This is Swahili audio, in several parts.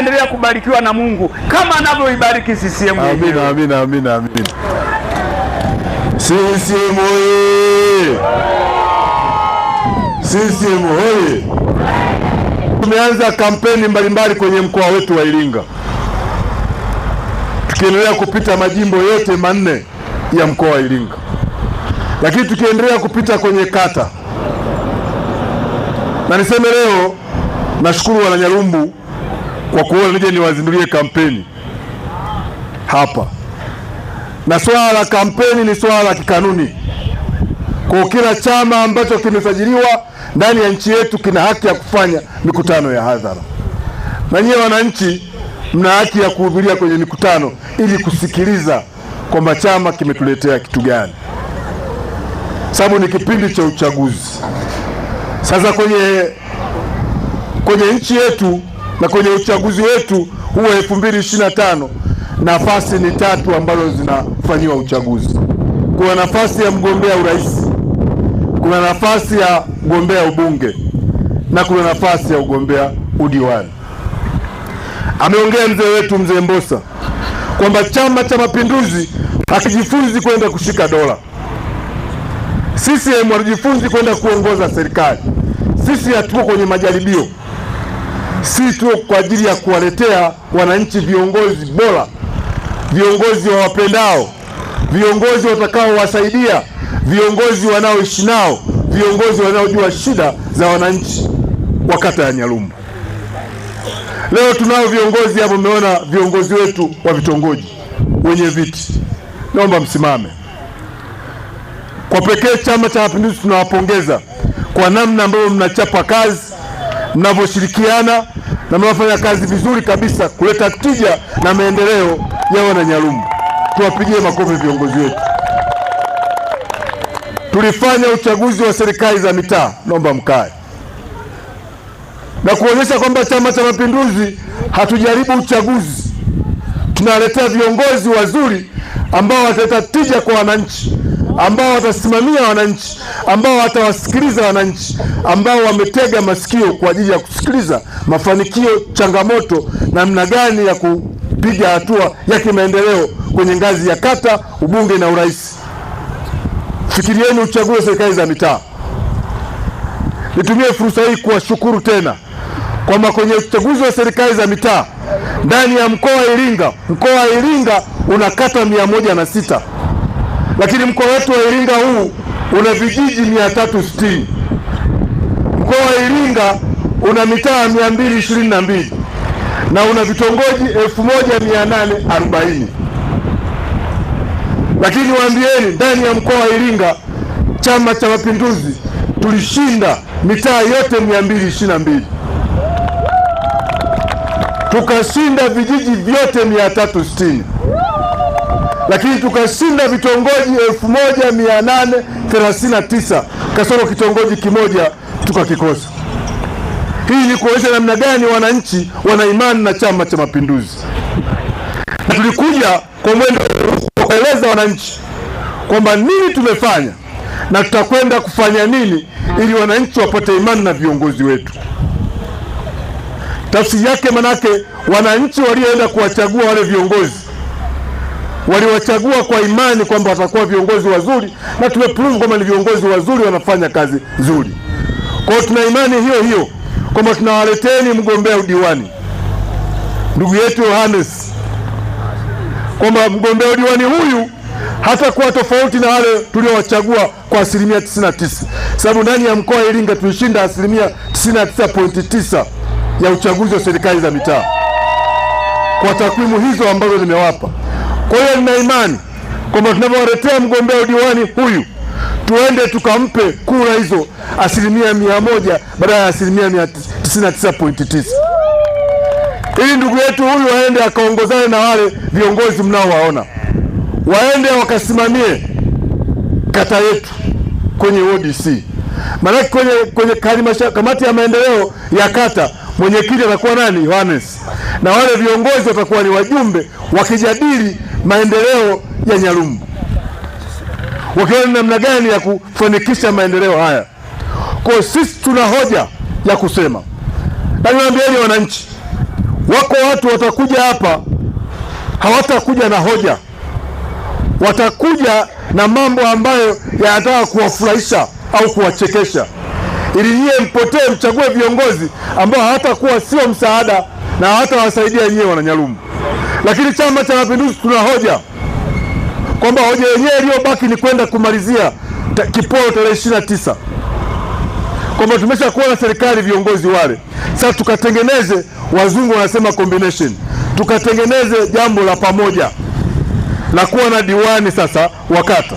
utaendelea kubarikiwa na Mungu kama anavyoibariki CCM. Amina, amina, amina, amina. CCM oye! CCM oye! Tumeanza kampeni mbalimbali kwenye mkoa wetu wa Iringa tukiendelea kupita majimbo yote manne ya mkoa wa Iringa, lakini tukiendelea kupita kwenye kata, na niseme leo nashukuru Wananyarumbu kwa kuona nije niwazindulie kampeni hapa, na swala la kampeni ni swala la kikanuni. Kwa kila chama ambacho kimesajiliwa ndani ya nchi yetu kina haki ya kufanya mikutano ya hadhara, na nyiye wananchi mna haki ya kuhudhuria kwenye mikutano ili kusikiliza kwamba chama kimetuletea kitu gani, sababu ni kipindi cha uchaguzi. Sasa kwenye, kwenye nchi yetu na kwenye uchaguzi wetu huo 2025 nafasi ni tatu ambazo zinafanyiwa uchaguzi. Kuna nafasi ya mgombea urais, kuna nafasi ya mgombea ubunge na kuna nafasi ya ugombea udiwani. Ameongea mzee wetu mzee Mbosa kwamba Chama cha Mapinduzi hakijifunzi kwenda kushika dola. CCM hatujifunzi kwenda kuongoza serikali. Sisi hatuko kwenye majaribio si tu kwa ajili ya kuwaletea wananchi viongozi bora, viongozi wawapendao, viongozi watakaowasaidia, viongozi wanaoishi nao, viongozi wanaojua shida za wananchi wa kata ya Nyalumbu. Leo tunao viongozi hapo, mmeona viongozi wetu wa vitongoji, wenye viti, naomba msimame. Kwa pekee Chama cha Mapinduzi tunawapongeza kwa namna ambavyo mnachapa kazi mnavyoshirikiana na mnaofanya kazi vizuri kabisa kuleta tija na maendeleo ya wananyarumu Tuwapigie makofi viongozi wetu. Tulifanya uchaguzi wa serikali za mitaa, naomba mkae, na kuonyesha kwamba Chama cha Mapinduzi hatujaribu uchaguzi, tunaletea viongozi wazuri ambao wataleta tija kwa wananchi ambao watasimamia wananchi, ambao watawasikiliza wananchi, ambao wametega masikio kwa ajili ya kusikiliza mafanikio, changamoto, namna gani ya kupiga hatua ya kimaendeleo kwenye ngazi ya kata, ubunge na urais. Fikirieni uchaguzi wa serikali za mitaa. Nitumie fursa hii kuwashukuru tena kwamba kwenye uchaguzi wa serikali za mitaa ndani ya mkoa wa Iringa, mkoa wa Iringa una kata mia moja na sita lakini mkoa wetu wa Iringa huu una vijiji mia tatu sitini. Mkoa wa Iringa una mitaa mia mbili ishirini na mbili na una vitongoji elfu moja mia nane arobaini lakini waambieni, ndani ya mkoa wa Iringa Chama cha Mapinduzi tulishinda mitaa yote mia mbili ishirini na mbili tukashinda vijiji vyote mia tatu sitini lakini tukashinda vitongoji elfu moja mia nane tisa kasoro kitongoji kimoja tukakikosa. Hii ni kuonyesha namna gani wananchi wana imani na Chama cha Mapinduzi, na tulikuja kwa mwendo kueleza wananchi kwamba nini tumefanya na tutakwenda kufanya nini ili wananchi wapate imani na viongozi wetu. Tafsiri yake manake wananchi walioenda kuwachagua wale viongozi waliwachagua kwa imani kwamba watakuwa viongozi wazuri, na tumeprove kwamba ni viongozi wazuri, wanafanya kazi nzuri. Kwa hiyo tuna imani hiyo hiyo kwamba tunawaleteni mgombea udiwani ndugu yetu Yohanes, kwamba mgombea udiwani huyu hatakuwa tofauti na wale tuliowachagua kwa asilimia 99, sababu ndani ya mkoa wa Iringa tulishinda asilimia 99.9 ya uchaguzi wa serikali za mitaa kwa takwimu hizo ambazo nimewapa. Kwa hiyo nina imani kwamba tunavyowaletea mgombea udiwani huyu tuende tukampe kura hizo asilimia mia moja badala ya asilimia mia tisini na tisa pointi tisa ili ndugu yetu huyu aende akaongozane na wale viongozi mnaowaona, waende wakasimamie kata yetu kwenye ODC, maanake kwenye, kwenye kamati ya maendeleo ya kata mwenyekiti atakuwa nani? Yohanes, na wale viongozi watakuwa ni wajumbe wakijadili maendeleo ya Nyalumbu, wakiona namna gani ya kufanikisha maendeleo haya. Kwa sisi tuna hoja ya kusema, na niwaambieni wananchi, wako watu watakuja hapa hawatakuja na hoja, watakuja na mambo ambayo yanataka kuwafurahisha au kuwachekesha, ili nyie mpotee, mchague viongozi ambao hawatakuwa sio msaada na hawatawasaidia nyie wananyalumu. Lakini Chama cha Mapinduzi tuna hoja kwamba hoja yenyewe iliyobaki ni kwenda kumalizia kiporo tarehe ishirini na tisa kwamba kuwa na serikali viongozi wale sasa, tukatengeneze wazungu wanasema combination, tukatengeneze jambo la pamoja la kuwa na diwani sasa wa kata,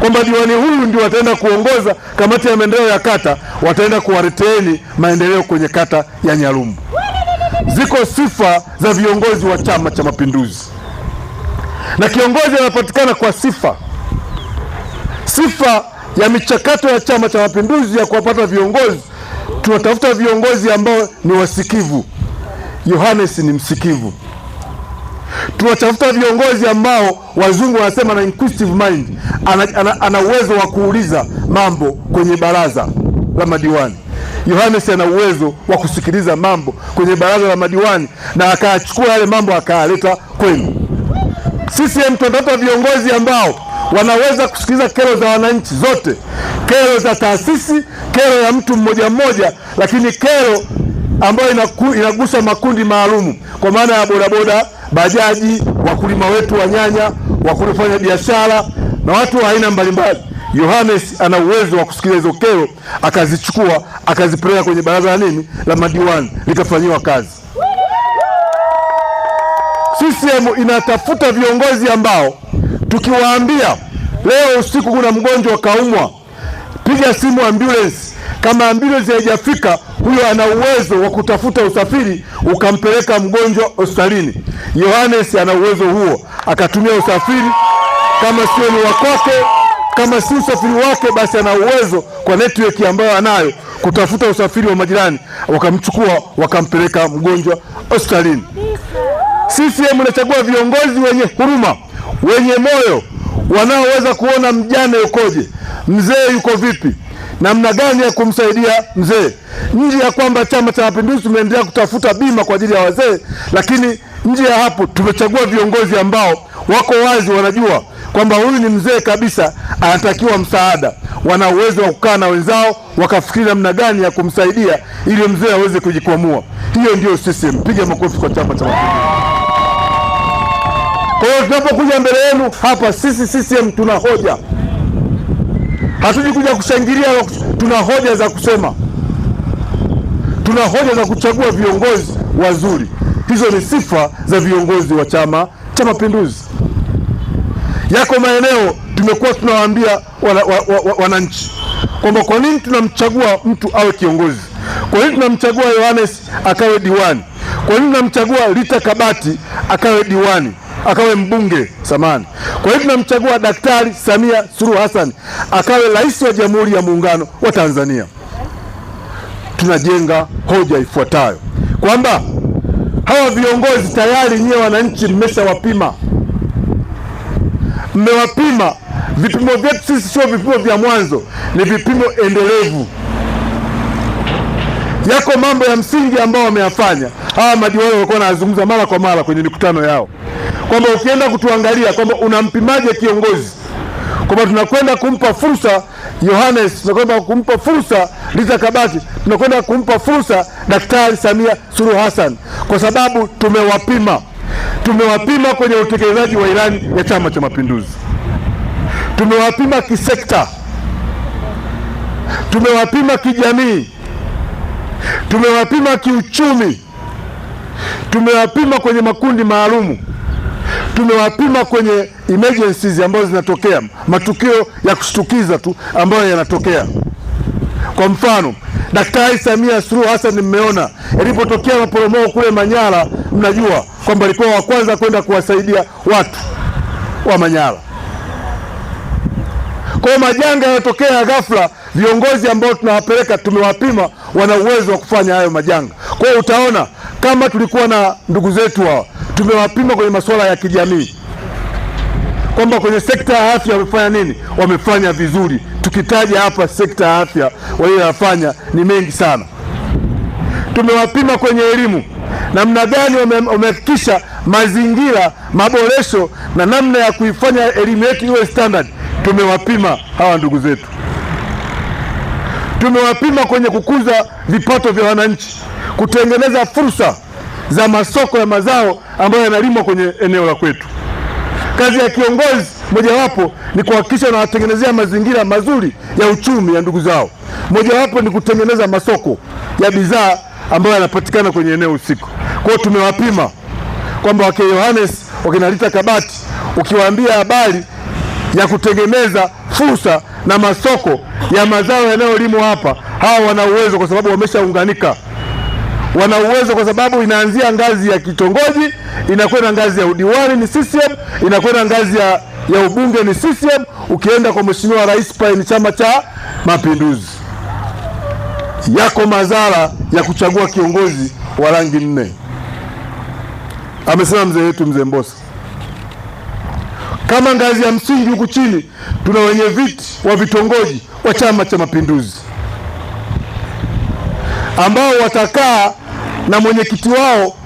kwamba diwani huyu ndio wataenda kuongoza kamati ya maendeleo ya kata, wataenda kuwareteeni maendeleo kwenye kata ya Nyalumbu ziko sifa za viongozi wa Chama cha Mapinduzi, na kiongozi anapatikana kwa sifa. Sifa ya michakato ya Chama cha Mapinduzi ya kuwapata viongozi, tunatafuta viongozi ambao ni wasikivu. Yohanes ni msikivu. Tunatafuta viongozi ambao wazungu wanasema na inquisitive mind, ana, ana uwezo wa kuuliza mambo kwenye baraza la madiwani. Yohanes ana uwezo wa kusikiliza mambo kwenye baraza la madiwani na akayachukua yale mambo akayaleta kwenu. CCM tunatafuta viongozi ambao wanaweza kusikiliza kero za wananchi zote, kero za taasisi, kero ya mtu mmoja mmoja, lakini kero ambayo inaku, inagusa makundi maalumu kwa maana ya bodaboda, bajaji, wakulima wetu wa nyanya, wakulifanya biashara na watu wa aina mbalimbali. Yohanes ana uwezo wa kusikia hizo kero, akazichukua akazipeleka kwenye baraza la nini la madiwani, likafanyiwa kazi. CCM inatafuta viongozi ambao tukiwaambia leo usiku kuna mgonjwa kaumwa, piga simu ambulance. Kama ambulance haijafika, huyo ana uwezo wa kutafuta usafiri ukampeleka mgonjwa hospitalini. Yohanes ana uwezo huo, akatumia usafiri, kama sio ni wakwake kama si usafiri wake, basi ana uwezo kwa network ambayo anayo kutafuta usafiri wa majirani, wakamchukua wakampeleka mgonjwa hospitalini. CCM inachagua viongozi wenye huruma, wenye moyo, wanaoweza kuona mjane ukoje, mzee yuko vipi, namna gani ya kumsaidia mzee, nje ya kwamba Chama cha Mapinduzi tumeendelea kutafuta bima kwa ajili ya wazee, lakini nje ya hapo tumechagua viongozi ambao wako wazi, wanajua kwamba huyu ni mzee kabisa, anatakiwa msaada, wana uwezo wa kukaa na wenzao wakafikiri namna gani ya kumsaidia ili mzee aweze kujikwamua. Hiyo ndiyo sisi, Mpige makofi kwa Chama cha Mapinduzi. Kwa hiyo tunapokuja mbele yenu hapa, sisi CCM tuna hoja, hatuji kuja kushangilia. Tuna hoja za kusema, tuna hoja za kuchagua viongozi wazuri. Hizo ni sifa za viongozi wa Chama cha Mapinduzi. Yako maeneo tumekuwa tunawaambia wananchi wa, wa, wa, kwamba kwa nini tunamchagua mtu awe kiongozi? Kwa nini tunamchagua Yohanes akawe diwani? Kwa nini tunamchagua rita Kabati akawe diwani akawe mbunge samani? Kwa nini tunamchagua Daktari Samia Suluhu Hassan akawe rais wa Jamhuri ya Muungano wa Tanzania? Tunajenga hoja ifuatayo kwamba hawa viongozi tayari nyiye wananchi mmeshawapima mmewapima. Vipimo vyetu sisi sio vipimo vya mwanzo, ni vipimo endelevu. Yako mambo ya msingi ambayo wameyafanya hawa madiwani, walikuwa wanazungumza mara kwa mara kwenye mikutano yao kwamba ukienda kutuangalia kwamba unampimaje kiongozi, kwamba tunakwenda kumpa fursa Yohanes, tunakwenda kumpa fursa Liza Kabati, tunakwenda kumpa fursa Daktari Samia Suluhu Hassan kwa sababu tumewapima. Tumewapima kwenye utekelezaji wa ilani ya Chama cha Mapinduzi, tumewapima kisekta, tumewapima kijamii, tumewapima kiuchumi, tumewapima kwenye makundi maalumu, tumewapima kwenye emergencies ambazo zinatokea, matukio ya kushtukiza tu ambayo yanatokea. Kwa mfano, Daktari Samia Suluhu Hassan mmeona yalipotokea maporomoko kule Manyara mnajua kwamba alikuwa wa kwanza kwenda kuwasaidia watu wa Manyara. Kwa hiyo majanga yanatokea ya ghafla, viongozi ambao tunawapeleka tumewapima, wana uwezo wa kufanya hayo majanga. Kwa hiyo utaona kama tulikuwa na ndugu zetu hawa tumewapima kwenye masuala ya kijamii kwamba kwenye sekta ya afya wamefanya nini, wamefanya vizuri. Tukitaja hapa sekta ya afya walioyafanya ni mengi sana. Tumewapima kwenye elimu namna gani wamehakikisha mazingira maboresho na namna ya kuifanya elimu yetu iwe standard. Tumewapima hawa ndugu zetu, tumewapima kwenye kukuza vipato vya wananchi, kutengeneza fursa za masoko ya mazao ambayo yanalimwa kwenye eneo la kwetu. Kazi ya kiongozi mojawapo ni kuhakikisha wanawatengenezea mazingira mazuri ya uchumi ya ndugu zao. Mojawapo ni kutengeneza masoko ya bidhaa ambayo yanapatikana kwenye eneo usiku. Kwa hiyo tumewapima kwamba wake Yohanes wakinalita Kabati, ukiwaambia habari ya kutengeneza fursa na masoko ya mazao yanayolimwa hapa, hawa wana uwezo kwa sababu wameshaunganika. Wana uwezo kwa sababu inaanzia ngazi ya kitongoji, inakwenda ngazi ya udiwani ni CCM, inakwenda ngazi ya, ya ubunge ni CCM, ukienda kwa Mheshimiwa Rais pale ni Chama cha Mapinduzi yako madhara ya kuchagua kiongozi wa rangi nne, amesema mzee wetu mzee Mbosa. Kama ngazi ya msingi huku chini tuna wenye viti wa vitongoji wa Chama cha Mapinduzi ambao watakaa na mwenyekiti wao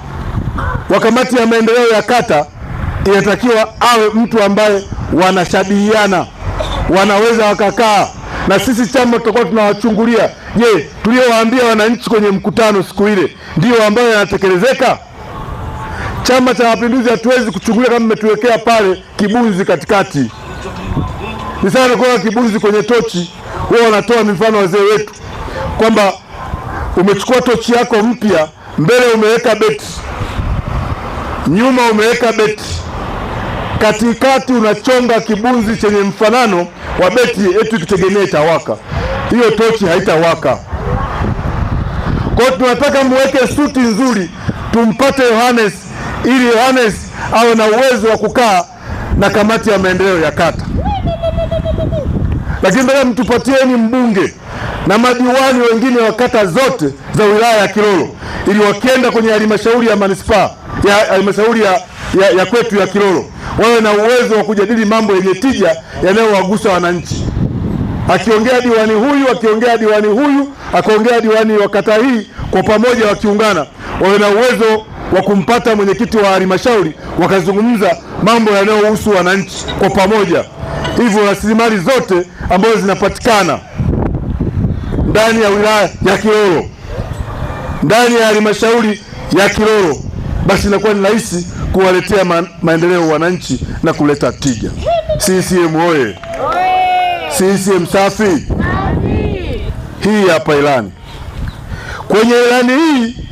wa kamati ya maendeleo ya kata. Inatakiwa awe mtu ambaye wanashabihiana, wanaweza wakakaa na sisi chama tutakuwa tunawachungulia Je, tuliowaambia wananchi kwenye mkutano siku ile ndiyo ambayo yanatekelezeka? Chama cha Mapinduzi hatuwezi kuchukulia kama mmetuwekea pale kibunzi katikati. Ni sana kuweka kibunzi kwenye tochi. Wao wanatoa mifano wazee wetu kwamba umechukua tochi yako mpya, mbele umeweka beti, nyuma umeweka beti, katikati unachonga kibunzi chenye mfanano wa beti, eti ukitegemea itawaka hiyo tochi haitawaka. Kwa hiyo tunataka muweke suti nzuri, tumpate Yohanes ili Yohanes awe na uwezo wa kukaa na kamati ya maendeleo ya kata. Lakini nataka mtupatieni mbunge na madiwani wengine wa kata zote za wilaya ya Kilolo ili wakienda kwenye halmashauri ya manispaa ya halmashauri ya, ya, ya kwetu ya Kilolo wawe na uwezo wa kujadili mambo yenye tija yanayowagusa wananchi akiongea diwani huyu, akiongea diwani huyu, akaongea diwani wa kata hii, kwa pamoja wakiungana, wawe na uwezo wa kumpata mwenyekiti wa halmashauri, wakazungumza mambo yanayohusu wananchi kwa pamoja. Hivyo rasilimali zote ambazo zinapatikana ndani ya wilaya ya Kilolo, ndani ya halmashauri ya Kilolo, basi inakuwa ni rahisi kuwaletea ma maendeleo wananchi na kuleta tija. CCM oye! CCM safi. Hii hapa ilani. Kwenye ilani hii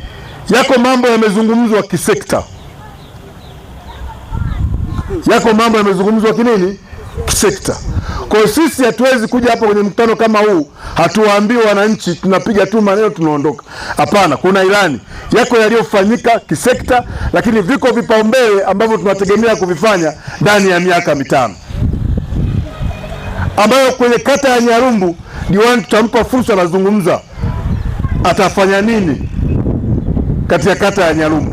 yako mambo yamezungumzwa kisekta, yako mambo yamezungumzwa kinini, kisekta. Kwa hiyo sisi hatuwezi kuja hapa kwenye mkutano kama huu, hatuwaambii wananchi, tunapiga tu maneno tunaondoka. Hapana, kuna ilani, yako yaliyofanyika kisekta, lakini viko vipaumbele ambavyo tunategemea kuvifanya ndani ya miaka mitano ambayo kwenye kata ya Nyarumbu diwani tutampa fursa, anazungumza atafanya nini katika kata ya Nyarumbu.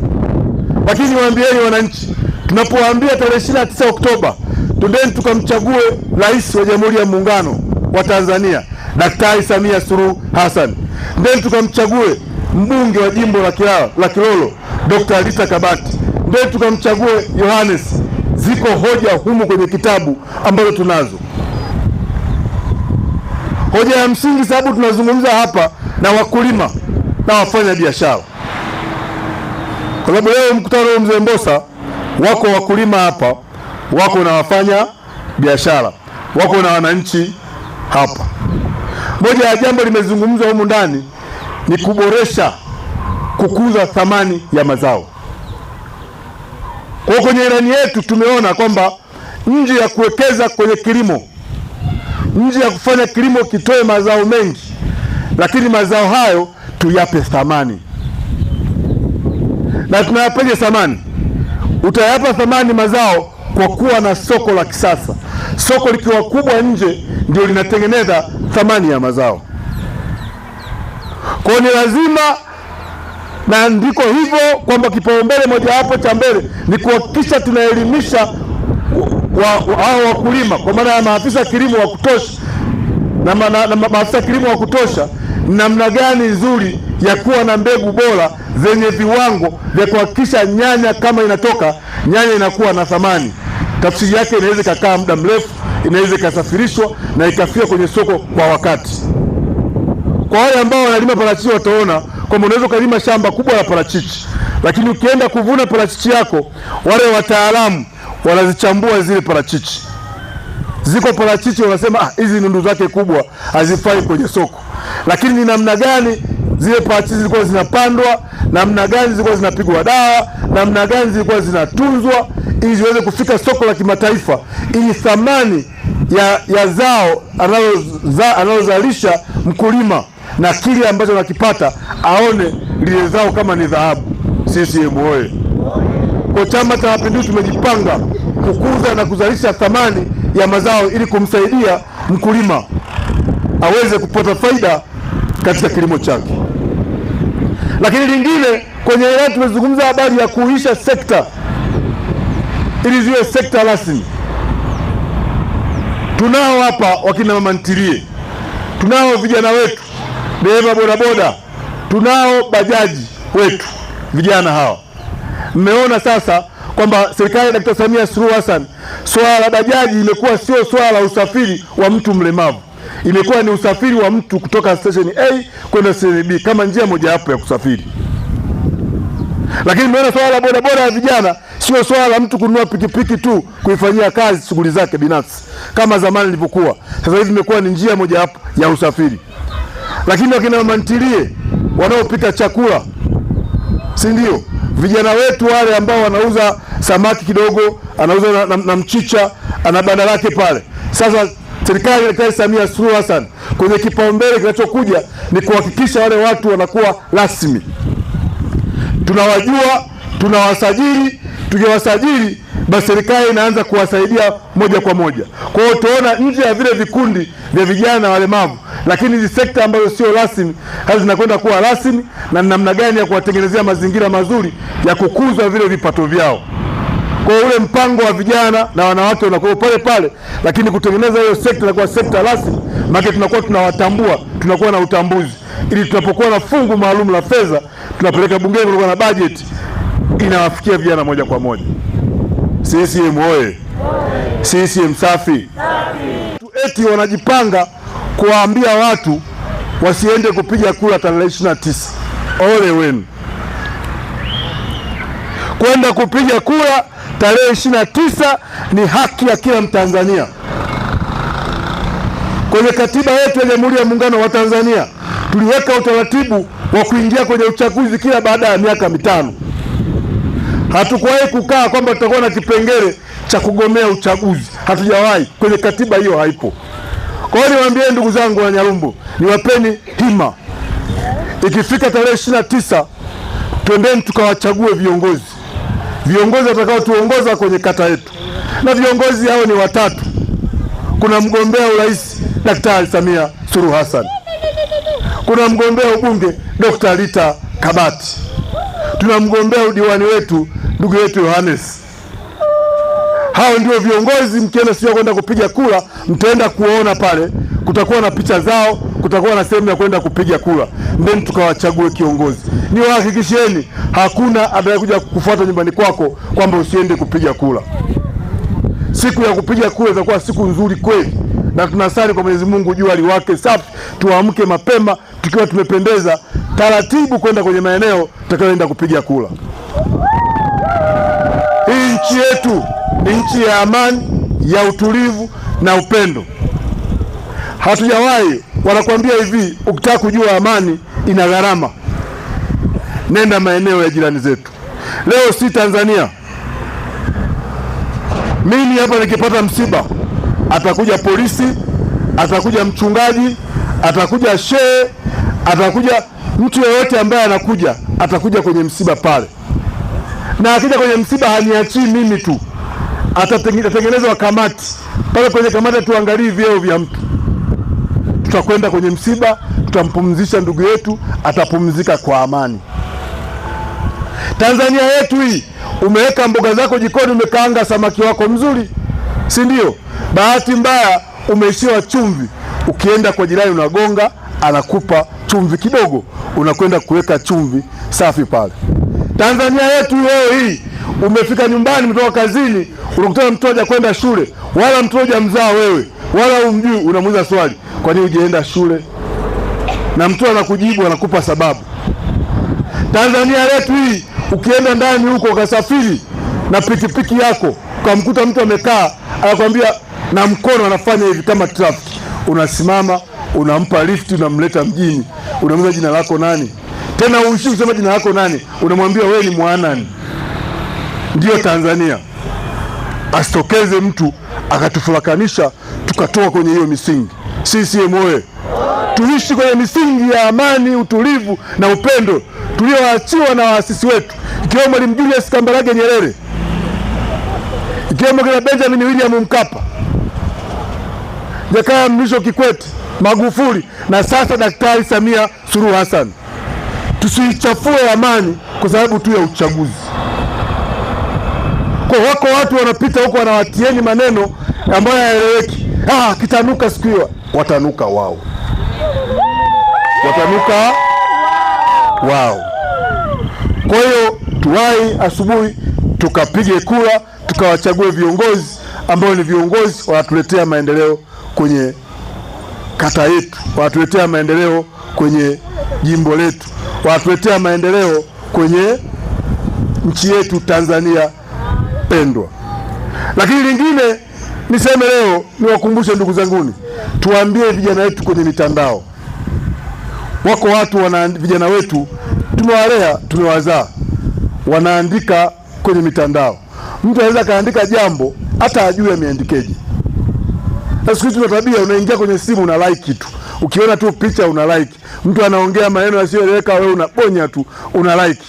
Lakini niwaambieni wananchi, tunapowaambia tarehe ishirini na tisa Oktoba tudeni tukamchague rais wa Jamhuri ya Muungano wa Tanzania Daktari Samia Suluhu Hassan, ndeni tukamchague mbunge wa jimbo la Kilala la Kilolo Dr. Rita Kabati, ndeni tukamchague Yohanes. Ziko hoja humu kwenye kitabu ambazo tunazo. Hoja ya msingi, sababu tunazungumza hapa na wakulima na wafanya biashara, kwa sababu leo mkutano huu mzee Mbosa, wako wakulima hapa, wako na wafanya biashara, wako na wananchi hapa. Moja ya jambo limezungumzwa humu ndani ni kuboresha, kukuza thamani ya mazao. Kwa kwenye ilani yetu tumeona kwamba nje ya kuwekeza kwenye kilimo nje ya kufanya kilimo kitoe mazao mengi, lakini mazao hayo tuyape thamani na tunayapeje thamani? Utayapa thamani mazao kwa kuwa na soko la kisasa. Soko likiwa kubwa nje, ndio linatengeneza thamani ya mazao. Kwa ni lazima, na ndiko hivyo kwamba kipaumbele mojawapo cha mbele ni kuhakikisha tunaelimisha hao wakulima kwa maana ya maafisa kilimo wa kutosha na, na, na maafisa kilimo wa kutosha, namna gani nzuri ya kuwa na mbegu bora zenye viwango vya kuhakikisha nyanya kama inatoka nyanya inakuwa na thamani. Tafsiri yake inaweza ikakaa muda mrefu, inaweza ikasafirishwa na ikafika kwenye soko kwa wakati. Kwa wale ambao wanalima parachichi wataona kwamba unaweza ukalima shamba kubwa la parachichi, lakini ukienda kuvuna parachichi yako, wale wataalamu wanazichambua zile parachichi. Ziko parachichi wanasema ah, hizi nundu zake kubwa hazifai kwenye soko, lakini ni namna gani zile parachichi zilikuwa zinapandwa, namna gani zilikuwa zinapigwa dawa, namna gani zilikuwa zinatunzwa ili ziweze kufika soko la kimataifa, ili thamani ya, ya zao analozalisha za, mkulima na kile ambacho anakipata aone lile zao kama ni dhahabu. CCM oye! Kwa Chama cha Mapinduzi tumejipanga kukuza na kuzalisha thamani ya mazao ili kumsaidia mkulima aweze kupata faida katika kilimo chake. Lakini lingine kwenye ilani tumezungumza habari ya kuisha sekta ili ziwe sekta rasmi. Tunao hapa wakina mama ntilie, tunao vijana wetu dereva bodaboda, tunao bajaji wetu vijana hawa Mmeona sasa kwamba serikali ya Daktari Samia Suluhu Hassan, swala la bajaji imekuwa sio swala la usafiri wa mtu mlemavu, imekuwa ni usafiri wa mtu kutoka station A kwenda station B kama njia mojawapo ya kusafiri. Lakini mmeona swala la bodaboda ya vijana sio swala la mtu kununua pikipiki tu kuifanyia kazi shughuli zake binafsi kama zamani ilivyokuwa. Sasa hivi imekuwa ni njia mojawapo ya usafiri. Lakini wakina mama wanaopika chakula, si ndio? vijana wetu wale ambao wanauza samaki kidogo, anauza na, na, na mchicha, ana banda lake pale. Sasa serikali ya Daktari Samia Suluhu Hassan kwenye kipaumbele kinachokuja ni kuhakikisha wale watu wanakuwa rasmi, tunawajua tunawasajili, tukiwasajili basi serikali inaanza kuwasaidia moja kwa moja. Kwa hiyo utaona nje ya vile vikundi vya vijana na walemavu, lakini hizi sekta ambazo sio rasmi hasa zinakwenda kuwa rasmi, na namna gani ya kuwatengenezea mazingira mazuri ya kukuza vile vipato vyao. Kwa ule mpango wa vijana na wanawake unakuwa pale pale, lakini kutengeneza hiyo sekta na kuwa sekta rasmi, maana tunakuwa tunawatambua, tunakuwa na utambuzi, ili tunapokuwa na fungu maalum la fedha tunapeleka bungeni, kutoka na bajeti inawafikia vijana moja kwa moja. CCM oye! CCM safi! Eti wanajipanga kuwaambia watu wasiende kupiga kura tarehe 29. Ole wenu kwenda kupiga kura tarehe 29 ni haki ya kila Mtanzania. Kwenye katiba yetu ya Jamhuri ya Muungano wa Tanzania tuliweka utaratibu wa kuingia kwenye uchaguzi kila baada ya miaka mitano. Hatukuwahi kukaa kwamba tutakuwa na kipengele cha kugomea uchaguzi, hatujawahi. Kwenye katiba hiyo haipo. Kwa hiyo niwaambie ndugu zangu wa Nyarumbu, niwapeni hima. Ikifika tarehe ishirini na tisa twendeni tukawachague viongozi, viongozi watakaotuongoza kwenye kata yetu, na viongozi hao ni watatu. Kuna mgombea urais Daktari Samia Suluhu Hassan, kuna mgombea ubunge Dr. Rita Kabati, tuna mgombea udiwani wetu ndugu yetu Yohanes. Hao ndio viongozi, mkienda sio kwenda kupiga kura, mtaenda kuona pale, kutakuwa na picha zao, kutakuwa na sehemu ya kwenda kupiga kura, then tukawachague kiongozi. Niwahakikisheni hakuna atakayekuja kufuata nyumbani kwako kwamba usiende kupiga kura. Siku ya kupiga kura itakuwa siku nzuri kweli, na tunasali kwa Mwenyezi Mungu jua liwake safi, tuamke mapema tukiwa tumependeza, taratibu kwenda kwenye maeneo tutakayoenda kupiga kura. Hii nchi yetu ni nchi ya amani, ya utulivu na upendo. Hatujawahi, wanakuambia hivi, ukitaka kujua amani ina gharama, nenda maeneo ya jirani zetu. Leo si Tanzania, mimi hapa nikipata msiba, atakuja polisi, atakuja mchungaji, atakuja shehe, atakuja mtu yeyote ambaye anakuja, atakuja kwenye msiba pale na akija kwenye msiba haniachii mimi tu, atatengenezwa kamati pale. Kwenye kamati tuangalie vyeo vya mtu, tutakwenda kwenye msiba, tutampumzisha ndugu yetu, atapumzika kwa amani. Tanzania yetu hii, umeweka mboga zako jikoni, umekaanga samaki wako mzuri, si ndio? Bahati mbaya umeishiwa chumvi, ukienda kwa jirani unagonga, anakupa chumvi kidogo, unakwenda kuweka chumvi safi pale. Tanzania yetu leo hii, umefika nyumbani, umetoka kazini, unakutana mtoto haja kwenda shule, wala mtoto hajamzaa wewe, wala umjui, unamuuliza swali, kwa nini hujaenda shule? Na mtoto anakujibu, anakupa sababu. Tanzania yetu hii, ukienda ndani huko ukasafiri na pikipiki yako ukamkuta mtu amekaa anakwambia na mkono anafanya hivi kama trafiki, unasimama unampa lifti, unamleta mjini, unamuuliza jina lako nani? tena uishi kusema jina lako nani, unamwambia wewe ni mwanani. Ndiyo Tanzania. Asitokeze mtu akatufurakanisha tukatoka kwenye hiyo misingi. CCM oye! Tuishi kwenye misingi ya amani, utulivu na upendo tulioachiwa na waasisi wetu, ikiwemo Mwalimu Julius Kambarage Nyerere, ikiwemo kina Benjamin William Mkapa, Jakaya Mrisho Kikwete, Magufuli na sasa Daktari Samia Suluhu Hassan tusichafue amani kwa sababu tu ya uchaguzi. Kwa wako watu wanapita huko wanawatieni maneno ambayo hayaeleweki. Ah, kitanuka siku hiyo, watanuka wao, watanuka wao. Kwa hiyo tuwai asubuhi, tukapige kura, tukawachague viongozi ambao ni viongozi wanatuletea maendeleo kwenye kata yetu, wanatuletea maendeleo kwenye jimbo letu wanatuletea maendeleo kwenye nchi yetu Tanzania pendwa. Lakini lingine niseme leo, niwakumbushe ndugu zanguni, tuwaambie vijana wetu kwenye mitandao. Wako watu wana vijana wetu tumewalea, tumewazaa, wanaandika kwenye mitandao. Mtu anaweza akaandika jambo hata ajue ameandikeje, na siku hizi tuna tabia, unaingia kwenye simu na like kitu Ukiona tu picha una like, mtu anaongea maneno yasiyoeleweka, wewe unabonya tu una like.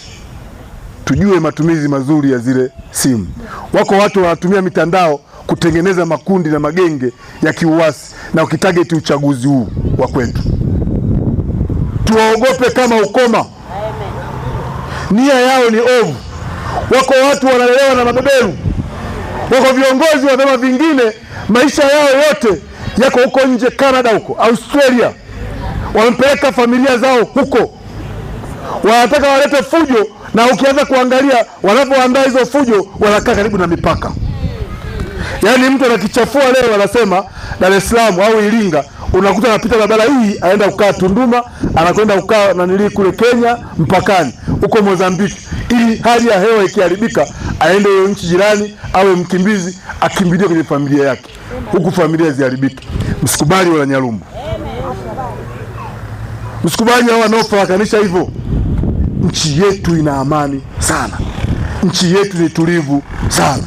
Tujue matumizi mazuri ya zile simu. Wako watu wanatumia mitandao kutengeneza makundi na magenge ya kiuasi, na ukitageti uchaguzi huu wa kwetu, tuwaogope kama ukoma. Nia yao ni ovu. Wako watu wanalelewa na mabeberu, wako viongozi wa vyama vingine, maisha yao yote yako huko nje, Canada huko, Australia, wamepeleka familia zao huko, wanataka walete fujo, na ukianza kuangalia wanapoandaa hizo fujo, wanakaa karibu na mipaka. Yaani mtu anakichafua leo, anasema Dar es Salaam au Iringa, unakuta anapita barabara hii, anaenda kukaa Tunduma, anakwenda kukaa nanilii kule Kenya mpakani huko Mozambiki, ili hali ya hewa ikiharibika, aende hiyo nchi jirani, awe mkimbizi, akimbilie kwenye familia yake huku familia ziharibike. Msikubali wala Nyalumbu, msikubali hawa wanaofarakanisha hivyo. Nchi yetu ina amani sana, nchi yetu ni tulivu sana,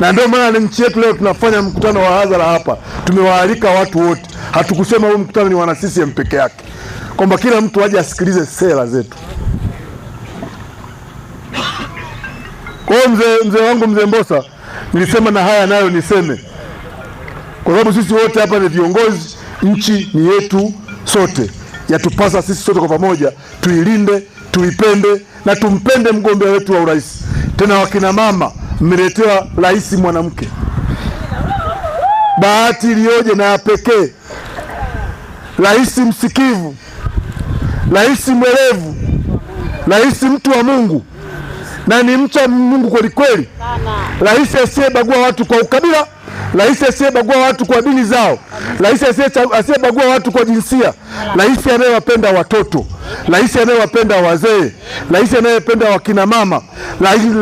na ndio maana nchi yetu leo tunafanya mkutano wa hadhara hapa. Tumewaalika watu wote, hatukusema huu mkutano ni wana CCM peke yake, kwamba kila mtu aje asikilize sera zetu. Kwa hiyo mzee mzee wangu mzee Mbosa, nilisema na haya nayo niseme kwa sababu sisi wote hapa ni viongozi. Nchi ni yetu sote, yatupasa sisi sote kwa pamoja tuilinde, tuipende na tumpende mgombea wetu wa urais. Tena wakina mama, mmeletewa rais mwanamke, bahati iliyoje na ya pekee, rais msikivu, rais mwelevu, rais mtu wa Mungu na ni mcha Mungu kwelikweli, rais asiyebagua watu kwa ukabila Rais asiyebagua watu kwa dini zao, rais asiyebagua watu kwa jinsia, rais anayewapenda watoto, rais anayewapenda wazee, rais anayependa wakina mama,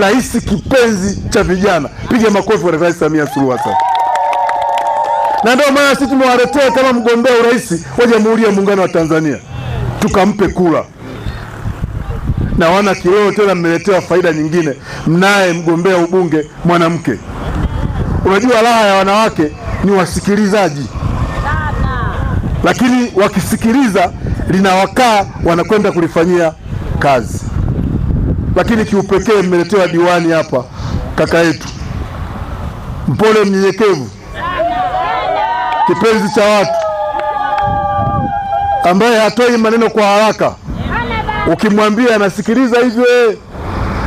rais kipenzi cha vijana. Piga makofi kwa Rais Samia Suluhu Hassan. Na ndio maana sisi tumewaletea kama mgombea urais wa Jamhuri ya Muungano wa Tanzania, tukampe kula na wana Kilolo. Tena mmeletewa faida nyingine, mnaye mgombea ubunge mwanamke. Unajua raha ya wanawake ni wasikilizaji, lakini wakisikiliza linawakaa wanakwenda kulifanyia kazi. Lakini kiupekee mmeletewa diwani hapa, kaka yetu mpole, mnyenyekevu, kipenzi cha watu, ambaye hatoi maneno kwa haraka. Ukimwambia anasikiliza hivyo,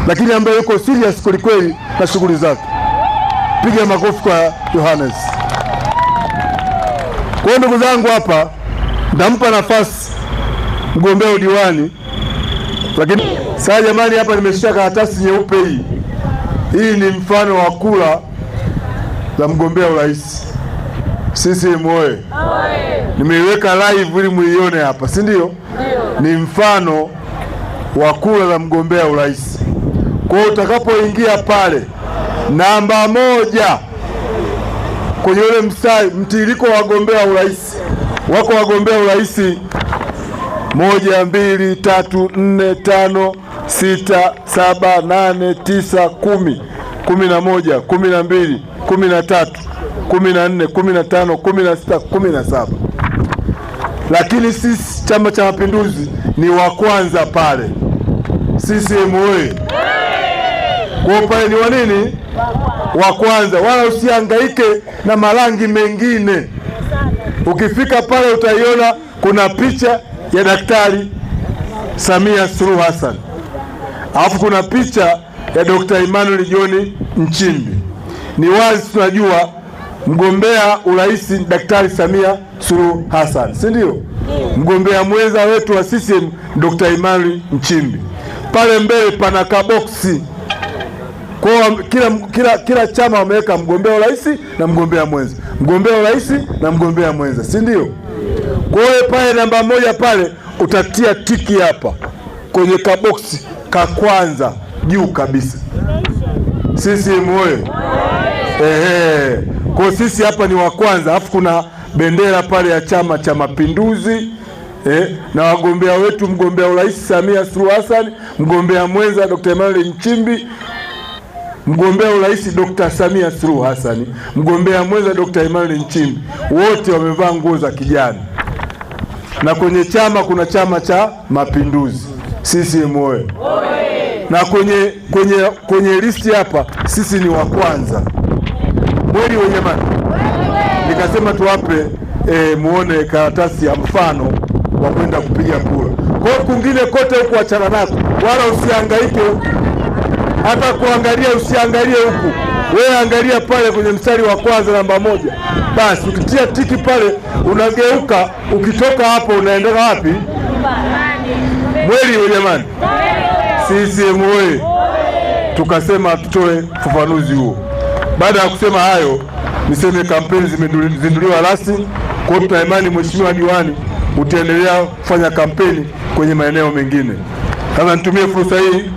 lakini ambaye yuko serious kwelikweli na shughuli zake. Piga makofi kwa Yohanes. Kwa hiyo ndugu zangu, hapa ndampa nafasi mgombea udiwani, lakini saa jamani, hapa nimeshika karatasi nyeupe hii. Hii ni mfano wa kura za mgombea urais CCM oye! Nimeiweka live ili muione hapa, si ndio? Ni mfano wa kura za mgombea urais. Kwa hiyo utakapoingia pale namba moja kwenye ule mstari mtiriko wa wagombea urais, wako wagombea urais moja, mbili, tatu, nne, tano, sita, saba, nane, tisa, kumi, kumi na moja, kumi na mbili, kumi na tatu, kumi na nne, kumi na tano, kumi na sita, kumi na saba. Lakini sisi Chama cha Mapinduzi ni wa kwanza pale. CCM oyee! Kwa upande ni wa nini? wa kwanza, wala usihangaike na marangi mengine. Ukifika pale utaiona kuna picha ya Daktari Samia Suluhu Hassan, alafu kuna picha ya Daktari Emmanuel John Nchimbi. Ni wazi tunajua mgombea urais Daktari Samia Suluhu Hassan, si ndio? Mgombea mwenza wetu wa CCM Daktari Emmanuel Nchimbi. Pale mbele pana kaboksi kwao. Kila, kila, kila chama wameweka mgombea urais na mgombea mwenza, mgombea urais na mgombea mwenza, si ndio? Kwa hiyo pale namba moja pale utatia tiki hapa kwenye kaboksi ka kwanza juu kabisa, sisi moyo ehe. Kwa sisi hapa ni wa kwanza, alafu kuna bendera pale ya Chama cha Mapinduzi eh, na wagombea wetu, mgombea urais Samia Suluhu Hassan, mgombea mwenza Dr. Emmanuel Nchimbi mgombea urais Dr. Samia Suluhu Hassan, mgombea mwenza Dr. Emmanuel Nchimbi, wote wamevaa nguo za kijani, na kwenye chama kuna Chama cha Mapinduzi CCM oye! Na kwenye, kwenye, kwenye listi hapa sisi ni wa kwanza, mweli wenye mani. Nikasema tuwape e, muone karatasi ya mfano wa kwenda kupiga kura. Kwa hiyo kungine kote huku wachana nako, wala usihangaike hata kuangalia usiangalie huku, wewe angalia pale kwenye mstari wa kwanza namba moja. Basi ukitia tiki pale unageuka, ukitoka hapo unaendeka wapi? Mweli jamani, CCM oye! Tukasema tutoe ufafanuzi huo. Baada ya kusema hayo, niseme kampeni zimezinduliwa rasmi. Kwa hiyo tunaimani mheshimiwa diwani utaendelea kufanya kampeni kwenye maeneo mengine. Sasa nitumie fursa hii